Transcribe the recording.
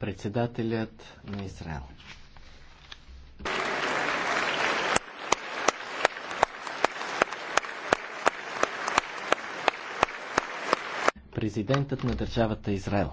Председателят на Израел. Президентът на държавата Израел.